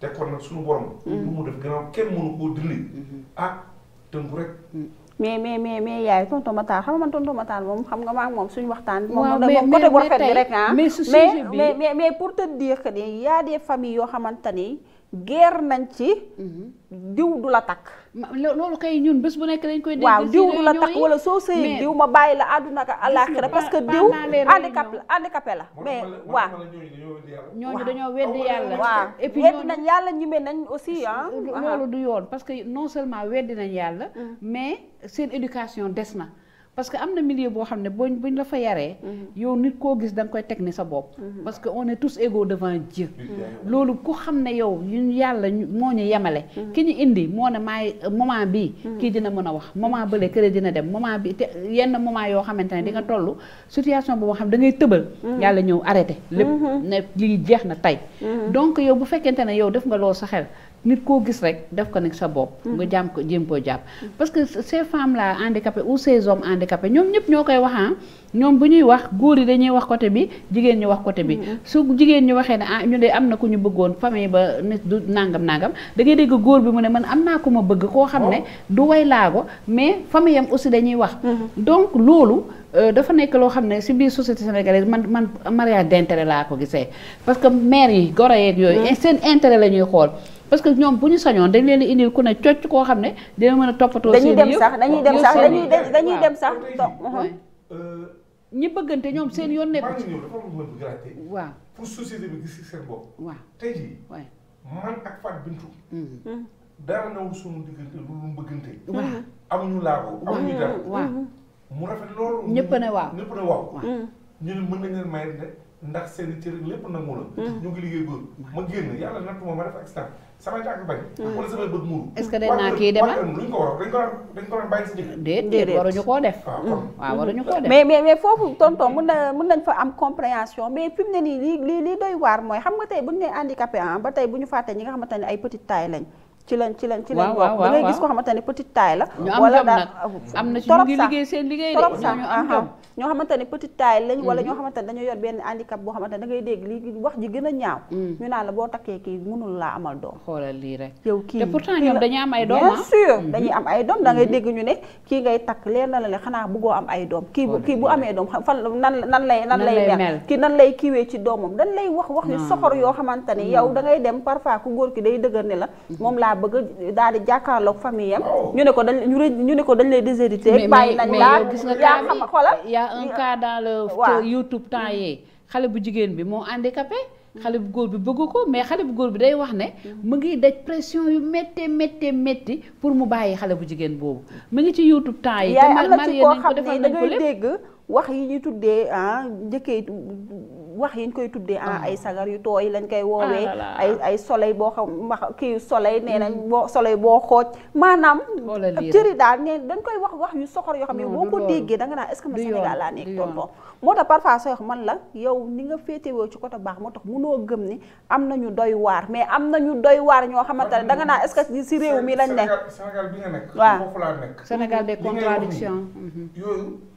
te kon nag suñu borom. Mm. lu mu def gannaaw kenn mënu koo dindi. Mm-hmm. ah tënku rek. Mm. mais mais mais mais yaay tonton xam nga man tonton Matar moom xam nga maa ngi moom suñu waxtaan. waaw mais mais côté bu rafet bi rek ah. mais mais mais mais pour te des familles yoo xamante ni guerre nañ ci. Mm-hmm. diw du la takk. loolu kay ñun bés bu nekk dañ koy dégg waaw diw la takk wala soo sëy diw ma bàyyi la àdduna ak àllaaxira parce que diw handicap la handicapé la mais waaw ñooñu dañoo weddi yàlla waaw et puis weddi nañ yàlla ñime nañ aussi ah. ah loolu du yoon parce que non seulement weddi nañ yàlla mm. mais seen éducation des na parce que am na milieu boo xam ne buñ buñ la fa yaree. Mhm. yow nit koo gis da koy teg ni sa bopp. Mhm. parce que on est tous égaux devant Dieu. loolu ku xam ne yow ñun yàlla moo ñu yemale. Mhm. ki ñu indi moo ne maay euh, moment bi kii dina mën a wax moment bële kële dina dem moment bi te yenn moment yoo xamante ne di nga toll situation boo xam ne ngay tëbal. yàlla ñëw arrêté. lépp ne lii jeex na tey. donc yow bu fekkente ne yow def nga loolu sa xel. nit koo gis rek def ko nekk sa bopp. Mm-hmm. nga jàmm ko jéem koo jàpp. parce que ces femmes là handicapées au ces hommes handicapés ñoom ñëpp ñoo koy waxaam ah. ñoom bu ñuy wax góor yi dañuy wax côté bi jigéen ñi wax côté bi. Mm-hmm. su jigéen ñi waxee ne ah ñu de am na ku ñu bëggoon famille ba nit du nangam nangam da ngay dégg góor bi mu ne man am naa ku ma bëgg. koo xam ne oh. du way ko mais famille am aussi dañuy wax. Mm-hmm. donc loolu euh, dafa nekk loo xam ne si biir société sénégalaise man man mariage d'intérêt laa ko parce que mère yi goro yeeg yooyu. seen intérêt la ñuy xool. parce que ñoom bu ñu sañoon dañ leen di indil ku ne cocc koo xam ne dina mën a toppatoo. dañuy dem sax dañuy dem sax dañuy dañuy dem sax ñi bëggante ñoom seen yoon nekk ci. waaw pour société bi gis seen bopp. man ak Fatou Bintou. Mm-hmm. dara nawul suñu diggante lu mu bëggante. waaw mm-hmm. amuñu laago mm-hmm. amuñu dara. waaw mu rafet loolu. ñëpp ne waaw ñëpp ne waaw. ñu ndax seen i cër lépp nangu la. Mm. ñu ngi liggéey mm. mm. ce que dañ naa kii demal luñ ko war dañ def. waaw waruñu koo def. mais mais mais na mën nañ fa am compréhension mais fi mu ne nii lii lii doy waar mooy xam nga tey bu ñu nee handicapé ah ba tey bu ñu fàttee ñi nga xamante ne ay petite taille lañ ci lañ ci lañ ci lañ bokk da ngay gis ko xamante ne petite taille la wala daal ah, am na ci ñu ngi liggéey liggéey trop ñoo xamante ne petite taille lañ wala mm. ñoo xamante ne dañoo yor benn handicap boo xamante ne da ngay dégg li wax ji gën a ñaaw mm. ñu naan la boo takkee kii mënul laa amal doom xoolal lii rek yow kii te pourtant ñoom dañuy am ay doom ah. mm-hmm. am ay doom da ngay mm-hmm. dégg ñu ne kii ngay takk leen la ne xanaa bëggoo am ay doom kii bu kii bu amee doom fan nan nan lay nan lay mel kii nan lay kiiwee ci doomam dañ lay wax wax yu soxor yoo xamante ne yow da ngay dem parfois ku góor ki day dëgër ne la mm-hmm. moom laa daa bëgg daal di jàkkaarloog famille am oh. ñu ne ko dañ ñu ne ko dañ lay déshérité bàyyi nañ laa yaa xam xoolal y a un cas dans le YouTube temps yee xale bu jigéen bi moo kape xale bu góor bi bëgg ko mais xale bu góor bi day wax ne mu ngi daj pression yu métti métti metti pour mu bàyyi xale bu jigéen boobu mu ngi ci YouTube temps yi. te marié nañ ko defal nañ ko lépp wax yi ñu tuddee ah njëkkee wax yi ñu koy tuddee ah ay ah. sagar yu tooy lañ koy woowee. Ah, ay ay soleil boo xam ma kii soleil nee nañ mm. boo soleil boo xooj. maanaam. jëri oh daal nee dañ koy wax wax yu soxor yoo xam ne boo ko déggee danga naa naan est-ce que ma Sénégal laa nekk tonton. moo tax parfois sooy man la yow ni nga féetewoo ci côté baax moo tax munoo gëm ni am nañu doy waar mais am na ñu doy waar ñoo xamante ne da nga naan est si réew mii lañ nekk. waa bi nga nekk. waaw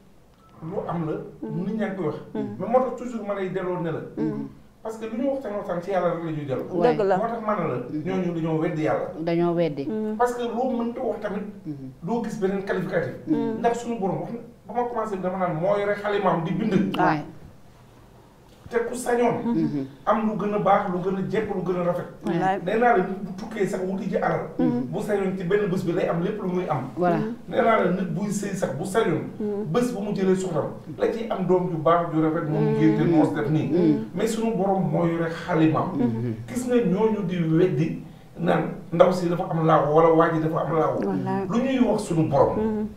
lu am la. Mm-hmm. nit ñaa ngi wax. Mm-hmm. mais moo tax toujours ma lay delloo ne la. Mm-hmm. parce que lu ñu waxtaan waxtaan ci yàlla rek la ñuy dellu. dëgg la moo tax ma ne la. ñooñu dañoo weddi yàlla. dañoo weddi. parce que loo mënta wax tamit. doo gis beneen qualificatif. ndax suñu borom wax na ba ma commencé dama naan moo yore xalimaam di bind. te ku sañoon. am lu gën a baax lu gën a jekk lu gën a rafet. wallaay nee naa la nit bu tukkee sax wuti ji alal. Mhm. bu sañoon ci benn bés bi lay am lépp lu muy am. voilà mhm. nee naa la nit buy sëy sax bu sañoon. Mhm. bés bu mu jëlee soxlam la ciy am doom ju baax ju rafet moom ngir te noos def nii. mais sunu borom mooyu yore xalimaam. gis nga ñooñu di weddi naan ndaw si dafa am laaw wala waa ji dafa am laaw. lu ñuy wax sunu borom.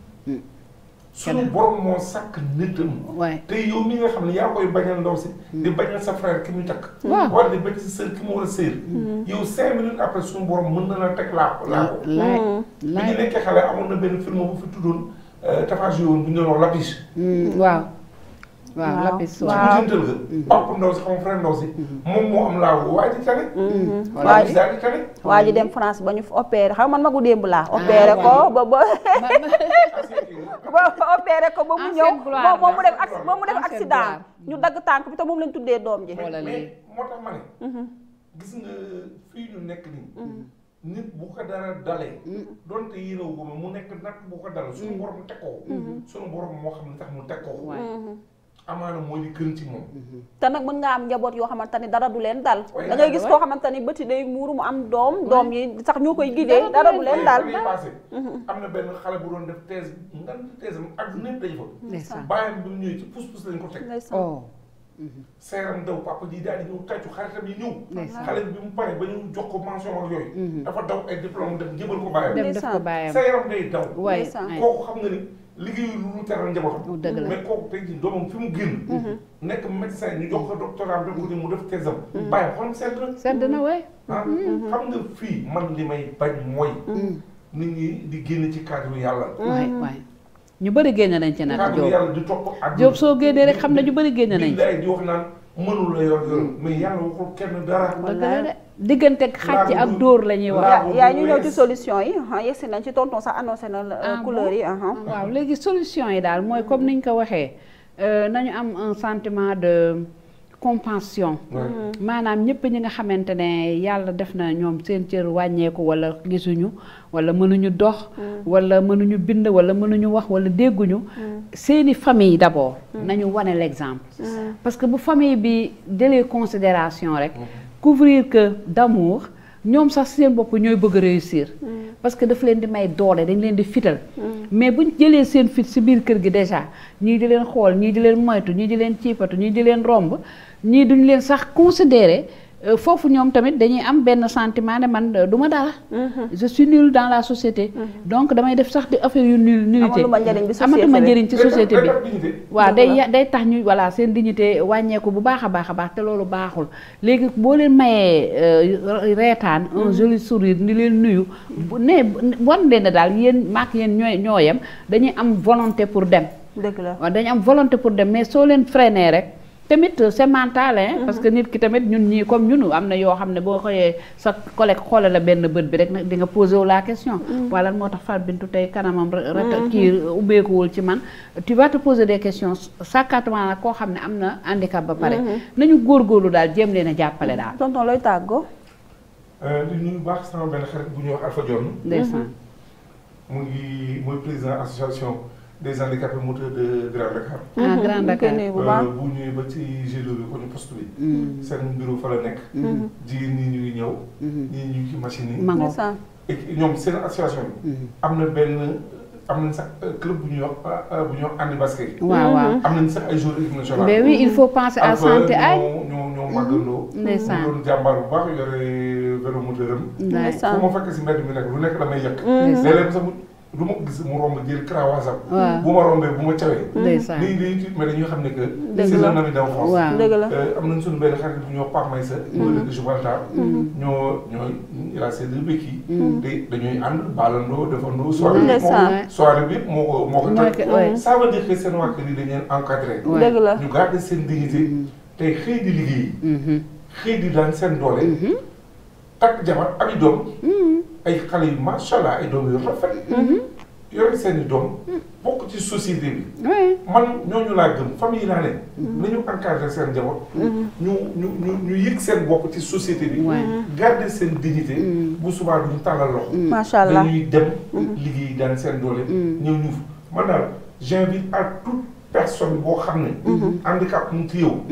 suñu borom moo sàkk nitam. waay te yow mi nga xam ne yaa koy bañal ndaw si. Mm. di bañal sa frère ki ñu takk. waaw wala di bañ sa sœur ki mu war a sœur. Mm. yow cinq minutes après suñu borom mën na la teg laako laako. laay laay mm. bi ñu nekkee xale amoon na benn film bu fi tuddoon euh, Tafache yooyu bu ñu doon wax Lapiche. waaw. waaw lapis waaw waaw mm-hmm. su ji dem France ba ñu opéré xam man magu démb ah, ko ba ba. ba opéré ko ba mu ñëw moom moom mu def accident. ñu dagg tànk bi te moom lañ tuddee doom ji. moo tax ma ne. Mm-hmm. gis nga fii ñu nekk nii. Mm-hmm. nit bu ko dara dalee. donte yéenewu ko mu nekk nag bu ko dal. suñu borom teg ko. suñu borom moo xam ne tax mu teg amaana moo di gën ci nga am njaboot yoo xamante ni dara du leen dal. da gis koo xamante ni bëti day muuru mu am doom doom yi sax ñoo koy gidee dara du leen dal. Mhm. am na benn xale bu doon def thèse nga thèse am ak ñëpp dañu fa. bàyyam bi mu ñëwee ci pousse-pousse lañ ko teg. Oh. Mhm. seeram daw papa ji daal di ñëw tàccu xaritam yi ñëw. xale ba ñu jox ko mhm. dafa daw ay diplôme dem jëbal ko bàyyam. dem def ko bàyyam seeram day daw. kooku xam nga ni. liggéeyu lu teral njabootam. dëgg la mais kooku tey jii doomam fi mu génn. Mhm. nekk médecin ñu jox ko doctorat bi mu def teesam. Mhm. bàyyi xolam sedd na. sedd na waay. Ah, mhm. xam nga fii man li may bañ mooy. nit ñi di génn ci cadre yàlla. waay ñu bari génn nañ ci nag. Diop cadre yàlla di topp ak. Diop soo génnee rek xam ne ñu bëri génn nañ ci. di wax naan. mënul mm. la diggante xàcc ak dóor la ñuy wax. yaa yi ñëw ci solution yi ah, yegsi nañ ci tonton sax annoncé na ah euh, couleur yi. Ah, waaw léegi solution yi daal mooy comme niñ ko waxee euh, nañu am un sentiment de. compassion mm. maanaam ñëpp ñi nga xamante ne yàlla def na ñoom seen cër wàññeeku wala gisuñu wala mënuñu dox mm. wala mënuñu bind wala mënuñu wax wala dégguñu mm. seeni famille d'abord nañu wane l'exemple parce que bu famille bi jëlee considération rek couvrir que d'amour ñoom sax si seen bopp ñooy bëgg a réussir. Mm. parce que daf leen di may doole dañ leen di fital. Mm. mais bu ñu jëlee seen fit si biir kër gi déjà ñii di leen xool ñii di leen moytu ñii di leen ciipatu ñii di leen romb ñii duñ leen sax considérer Euh, foofu ñoom tamit dañuy am benn sentiment ne man euh, du ma dara. Mm-hmm. je suis dans la société. Mm-hmm. donc damay def sax di affaire yu nul nullité amatuma njëriñ ci société bi waaw day day tax ñu voilà seen dignité wàññeeku bu baax a baax a baax te loolu baaxul léegi boo leen mayee euh, reetaan un mm-hmm. joli sourire ni leen nuyu ne wan leen ne daal yéen maak yéen ñooy ñooyam dañuy am volonté pour dem dëgg la waaw am volonté pour dem mais soo leen freiné rek tamit c'est mental mhm. parce que nit ki tamit ñun ñii comme ñunu am na yoo xam ne boo xoolee sa collègue xoole la benn bët bi rek nag di nga posé wu la question. Mhm. wala moo tax Fat Bintou tey kanamam. rek mhm. kii ubbeekuwul ci man. tu vas te poser des questions sàkkaatuma nag koo xam ne am na handicap ba pare. nañu góorlu daal jéem leen a jàppale daal. tonton looy tàggoo. di euh, nuyu baax sama benn xarit bu ñuy wax Alpha Dior. ndeysaan. mu ngi mooy président association. des handicapés moteurs de Grand Dakar. ah Grand mhm, Dakar bu euh, baax bu ñëwee ba ci gélo bi ko ñu poste bi. Mhm. seen bureau fa la nekk. Mhm. jigéen ñi ñu ñëw. ñii ñu ngi machine yi. ma et ñoom seen association bi. am na benn. am nañ sa euh, club bu ñuy wax euh, bu ñuy wax andi basket. waaw waaw am nañ sa ay joueurs équipe nationale. mais oui il faut penser à santé ay ñoo ñoo màggandoo. ndeysaan ñu doon jàmbaar bu baax yore vélo moteur ma fekk si mbedd mi nekk lu nekk damay yëkk. ndeysaan léeg-léeg lu ma gis mu romb jël karawaasam. waaw bu ma rombee bu ma cawee. ndeysaan lii lii tuuti dañuy xam ne que. dëgg la euh, dëgg la waaw am nañ suñu benn xarit bu ñoo Pape Maysa. ñoo mm-hmm. dëkk Gibraltar. Mm-hmm. ñoo ñooy la seen lu bëkki. te dañuy ànd baalandoo defandoo. ndeysaan bi moo ko moo ko tëj. ça veut dire que seen waa kër yi dañu leen encadré. dëgg la ñu garder seen dignité mm-hmm. tey xëy di liggéey. xëy di daan seen doole. takk jabar ak i ay xale yu macha allah ay doom yu rafet. Mhm. yore seen i doom. Hmm. bokk ci société bi. man ñooñu laa gëm famille laa leen. Mhm. nañu encadré seen njaboot. Mhm. ñu ñu ñu ñu yëg seen bokk ci société bi. garder seen dignité. bu subaa duñu tàllal loxo. Mm. macha allah dañuy dem. liggéey daan seen doole. Mm. ñëw ñu man daal j'invite à toute personne boo xam ne. handicap mu yow.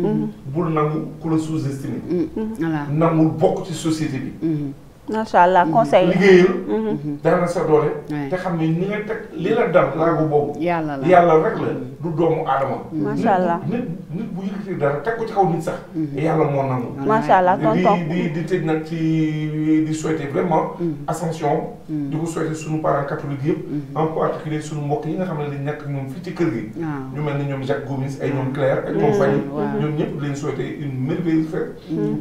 bul nangu ku la sous-estimer. Mm. nangul bokk ci société bi. macha allah mhm. conseil liggéeyal. Mhm. Mhm. dana sa doole. te xam ne ni nga teg li la dal bu boobu. yàlla la yàlla rek la du doomu aadama. macha allah nit nit bu yëkkati dara teg ko ci xaw nit sax. yàlla moo nangu. macha allah tonton di di tëj nag ci di souhaiter vraiment. ascension. di ko souhaiter sunu parents catholiques yëpp. en particulier sunu mbokk yi nga xam ne dañ nekk ñoom fii ci kër gi. ñu mel ne ñoom Jacques Gomis ay ñoom Claire. ak ñoom Faye ñoom ñëpp di leen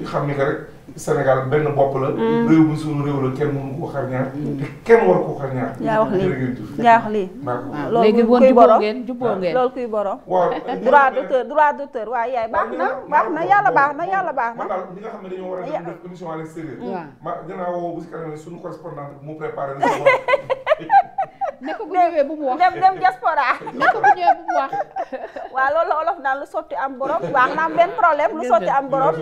xam ni que rek. Sénégal benn bopp la. Mm. réew mi suñu réew la kenn mënu ko ñaar. Mm. kenn war ko xar ñaar. yaa wax lii yaa wax lii. Ah. léegi woon jubóo ngeen jubóo ngeen. loolu kuy borom waaw droit d'auteur droit waaye yaay baax na baax na yàlla baax na yàlla baax na. xam ne dañoo war a def émission à l'extérieur. Mm. waaw ma dinaa woo ne ko bu ñëwee bu mu bu wax waaw loolu la olof naan lu sotti am borom waax naam benn problème lu sotti am borom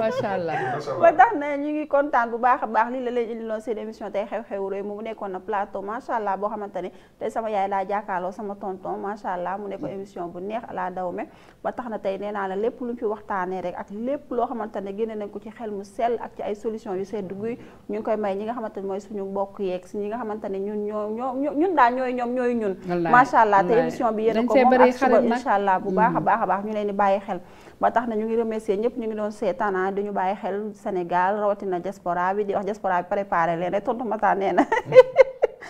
macha allah ba tax na ñu ngi kontaan bu baax a baax lii la leen indiloon seen émission tey xew-xew réew mi mu nekkoon na plateau macha allah boo xamante ne tey sama yaay laa jàkkaarloo sama tonton macha allah mu nekkoon mm. émission bu neex laa daw me ba tax na tey nee naa la lépp lu ñu fi waxtaanee rek ak lépp loo xamante ne génne nañ ko ci xel mu sell ak ci ay solution yu sedd guy ñu ngi koy may ñi nga xamante ne mooy suñu mbokk yeeg ñi nga xamante ne ñun ñoo ñoo daal ñooy ñoom ñooy ñun macha allah te émission bi yéen ko moom ak suba incha allah bu baax a mm. baax a baax ñu leen di bàyyi xel ba tax na ñu ngi remercier ñëpp ñu ngi doon seetaan ah, dañu bàyyi xel Sénégal rawatina diaspora bi di wax diaspora bi préparé leen rek tontu ma nee na mm.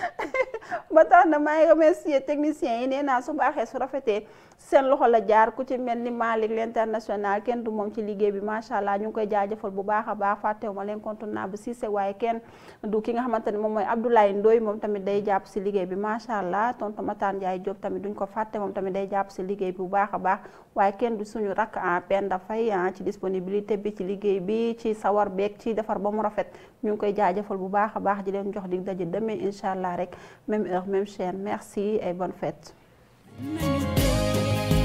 ba tax na maa ngi remercier techniciens yi nee naa su baaxee su rafetee seen loxo la jaar ku ci mel ni Malick l'international kenn du moom ci liggéey bi macha allah ñu ngi koy jaajëfal bu baax a baax fàttewuma l'incontournable Cissé waaye kenn du ki nga xamante ne moom mooy Abdoulaye Ndoye moom tamit day jàpp si liggéey bi macha allah tonton Matane tamit duñ ko fàtte moom tamit day jàpp si liggéey bu baax baax waaye kenn du suñu rakk en peine dafay ci disponibilité bi ci liggéey bi ci sawar beek ci defar ba mu rafet ñu ngi koy jaajëfal bu baax a baax di leen jox dig daje demee incha allah rek même heure même chaîne merci et bonne fête. Many days.